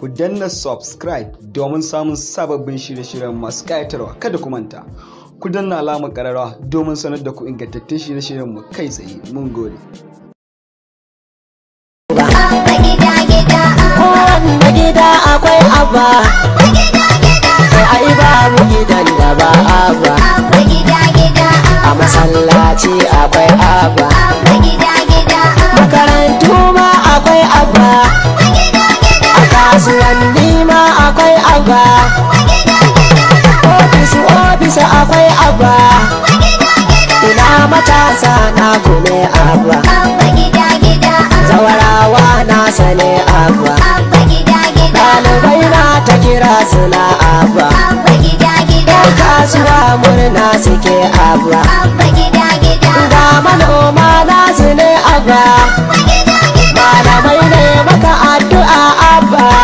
ku danna subscribe domin samun sababbin shirye-shiryen masu ƙayatarwa kada ku manta ku danna alama ƙararrawa domin sanar da ku ingantattun shirye-shiryen mu kai tsaye mun gode akwai suke abuwa ga manoma nasu ne agwa malamai ne maka addu'a abuwa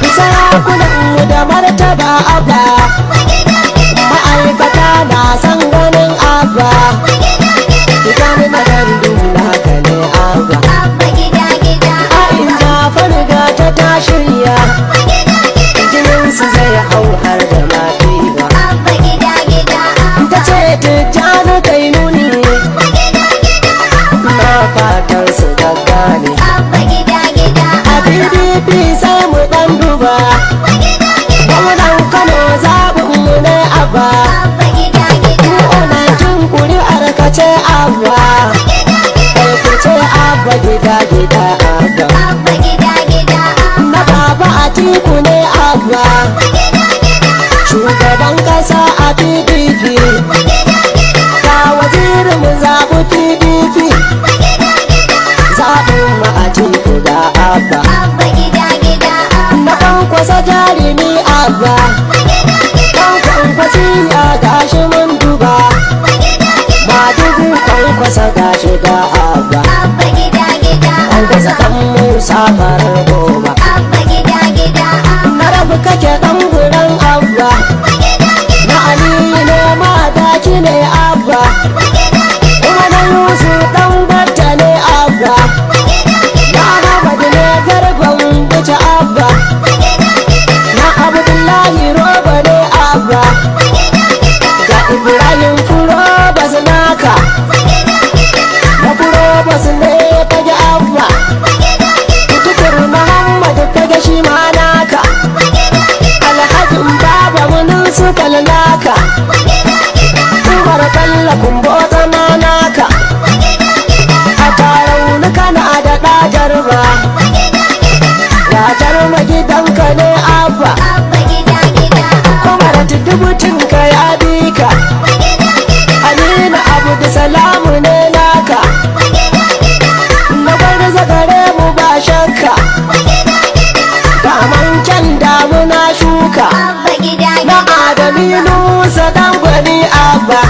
bisa kunan da martaba abuwa uku ne abba shugaban kasa a pdp ga wazirin mu zaɓi pdp zaɓin mu a teku da abba na kwankwasa jarumi abba ɗan kwankwasi ya gashi mun duba ma dubu kwankwasa gashi da abba kwankwasa ɗan musa farin goma Катя salamu ne naka na gwada zagare mu ba shakka daman can damuna shuka na adami nusa dan gwani abba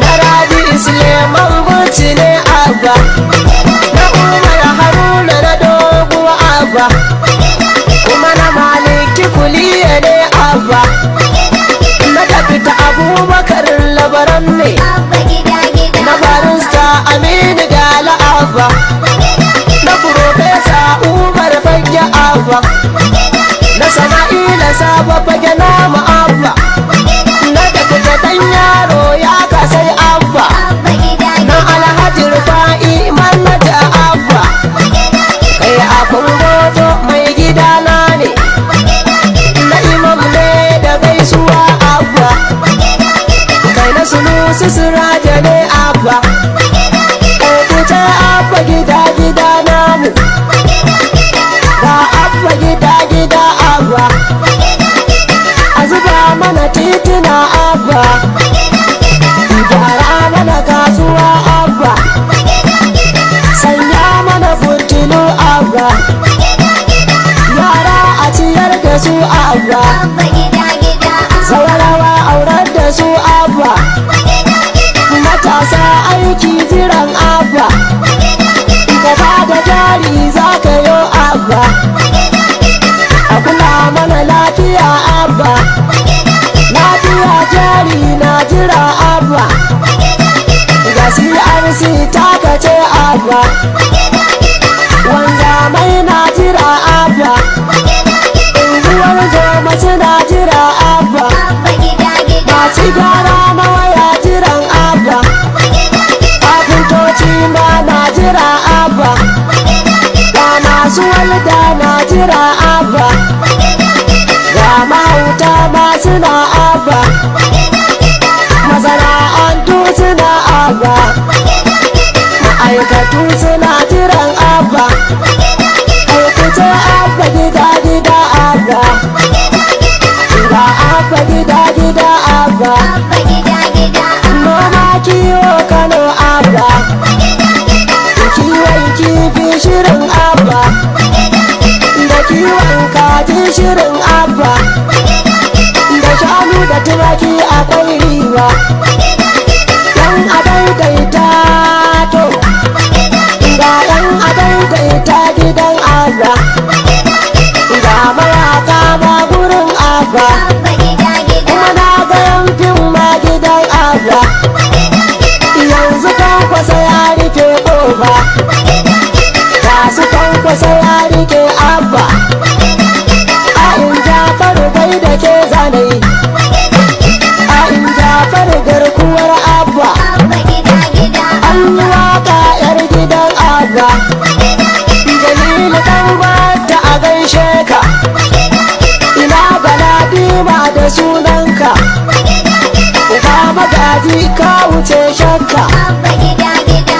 na rabi isleman buci ne abba saba fage nama a. abba zawarawa aurar da su abba matasa aiki jiran abba ka da jari za ka yo abba a mana lafiya abba lafiya jari na jira abba ga crc ta kace abba wanda mai na jira abba uwar joma suna jira abba masu gyara mawaya jiran abba kafintoci ma na jira abba ga masu walda na jira abba ga mahauta ma suna abba masana'antu suna abba biyo kano abba kiwon kifi shirin abba da kiwon kaji shirin abba da shanu da turaki akwai riwa yan adaidaita to ga yan adaidaita gidan abba ga mayaka ba gurin abba shiga Jamilu tauba ta a gaishe ka Ina galadima da sunanka Uba magaji ka wuce shakka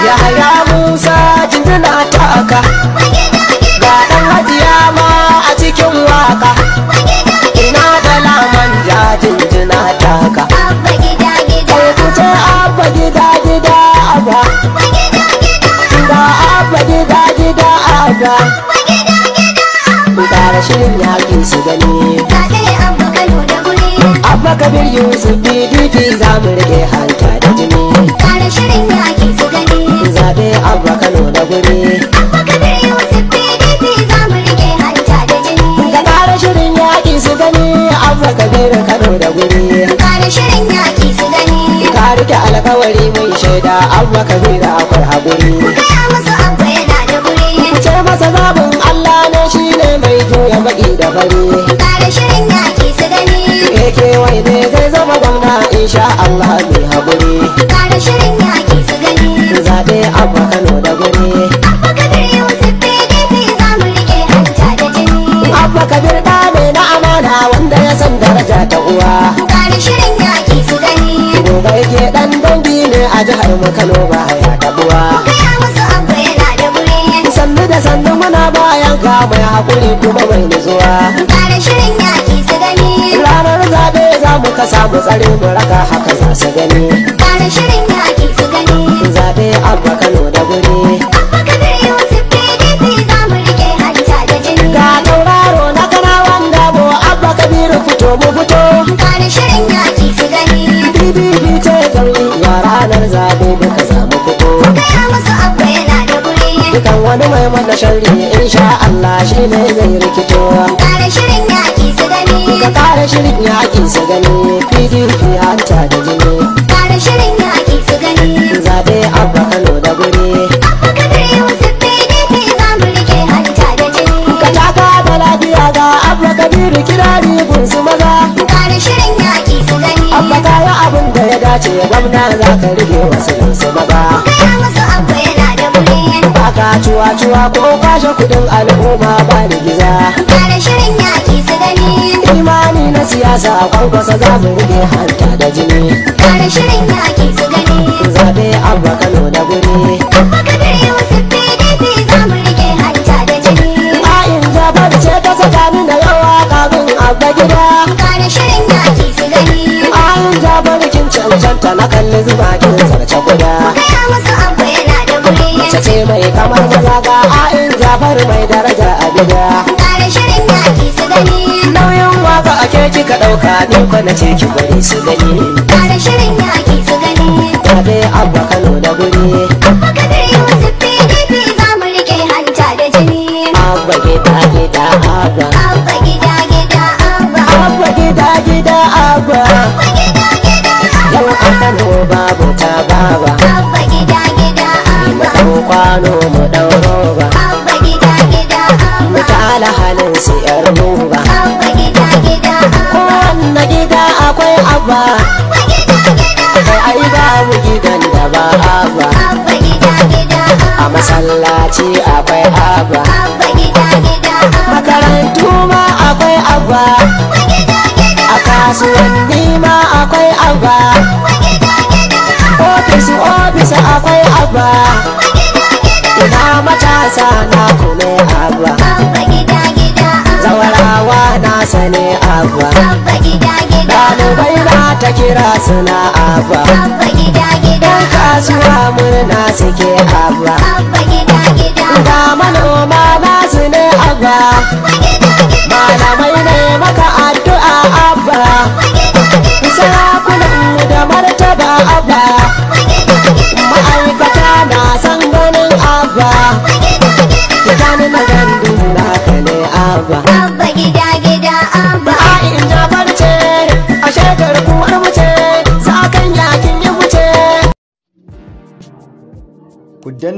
Ya haya Musa jinjina ta aka gida gida. Tara shirin yaƙi su gani Abba Kabir Yusuf PDP za mu rike hanta da jini Tara shirin yaƙi su gani Zaɓe Abba Kano da guri Abba Kabir Yusuf PDP za mu rike hanta da jini Tara shirin yaƙi su gani Abba Kabir Kano da guri Tara shirin yaƙi su gani Ka rike alkawari mun shaida Abba Kabir akwai haƙuri gani Kare shirin ke su gani wai ne zai zama gwamna insha Allah mai haƙuri Kare shirin ke su gani Zaɓe abba Kano da gani Abba Kabir Yusuf PDP za mu riƙe hanta da jini Abba Kabir ɗa ne na amana wanda ya san daraja ta uwa Kare shirin ke su gani Gobe yake ɗan dangi ne a jihar mu Kano ba ya taɓuwa Gaya musu abba yana da wuri Sannu da sannu muna bayan ka mai haƙuri kuma mai ba shirin yaki su gani Ranar zaɓe za mu kasa mu tsare mu raka haka za su gani Kare shirin yaki su gani Zaɓe abba Kano da guri Abba Kabir Yusuf PDP za mu rike hanta da jini Ga tauraro na kanawan dabo abba Kabir fito mu fito Kare shirin yaki su gani PDP ce gani ya ranar zaɓe muka za mu fito Gaya musu abba yana da guri Dukan wani mai mana sharri insha Allah shi ne zai fito kare shirin yaƙi su gani kuka kare shirin yaƙi su gani pdp ta da jini kare shirin yaƙi su gani Zabe abba kano da guri abba kabir yusuf pdp za mu rike hanta da jini ka taka da lafiya ga abba kabiru kirari gunsu maza kare shirin yaƙi su gani abba kaya abin da ya dace gwamna za ka rike wasu maza cuwa-cuwa ko kwashe kudin al'umma ba da gida. Kare shirin yaƙi su gani Imani na siyasa a kwankwasa za mu rike hanta da jini Kare shirin yaƙi su gani Zaɓe abba Kano da guri Abba Kabir Yusuf PDP za mu rike hanta da jini A'in jabar ce ta tsakanin da yawa kafin abba gida Kare shirin yaƙi su gani A'in jabar kin cancanta na kalli zuba kin zarce guda Mai kamar maza ga a'in jafar mai daraja a gida ƙara shirin yaƙi su gani nauyin waka ake ka ɗauka ni kwana ce ki bari su gani ƙara shirin yaƙi su gani ta dai abba kano da guri abba kabir yusuf pdp za mu rike hanta da jini abba gida gida abba abba gida gida abba abba gida gida abba abba gida gida yau a kano babu ta baba kwano mu ɗauro ba mutala tala halin su yar ruba kowanne gida akwai abba ai babu gidan da ba abba a masallaci akwai abba makarantu ma akwai abba a kasuwanci mata na kuma abba gida gida zawarawa na sane abba abba gida ɗalibai na ta kira suna abba don gida gida kasuwa murna suke abba abba gida gida da manoma na su ne abba malamai ne maka addu'a abba sarakunan da marta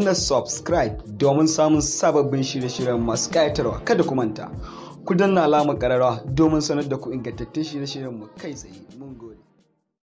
na subscribe domin samun sababbin shirye-shiryen masu kayatarwa. kada ku manta ku danna alamar kararwa domin sanar da ku ingantattun shirye-shiryen mu kai tsaye mun gode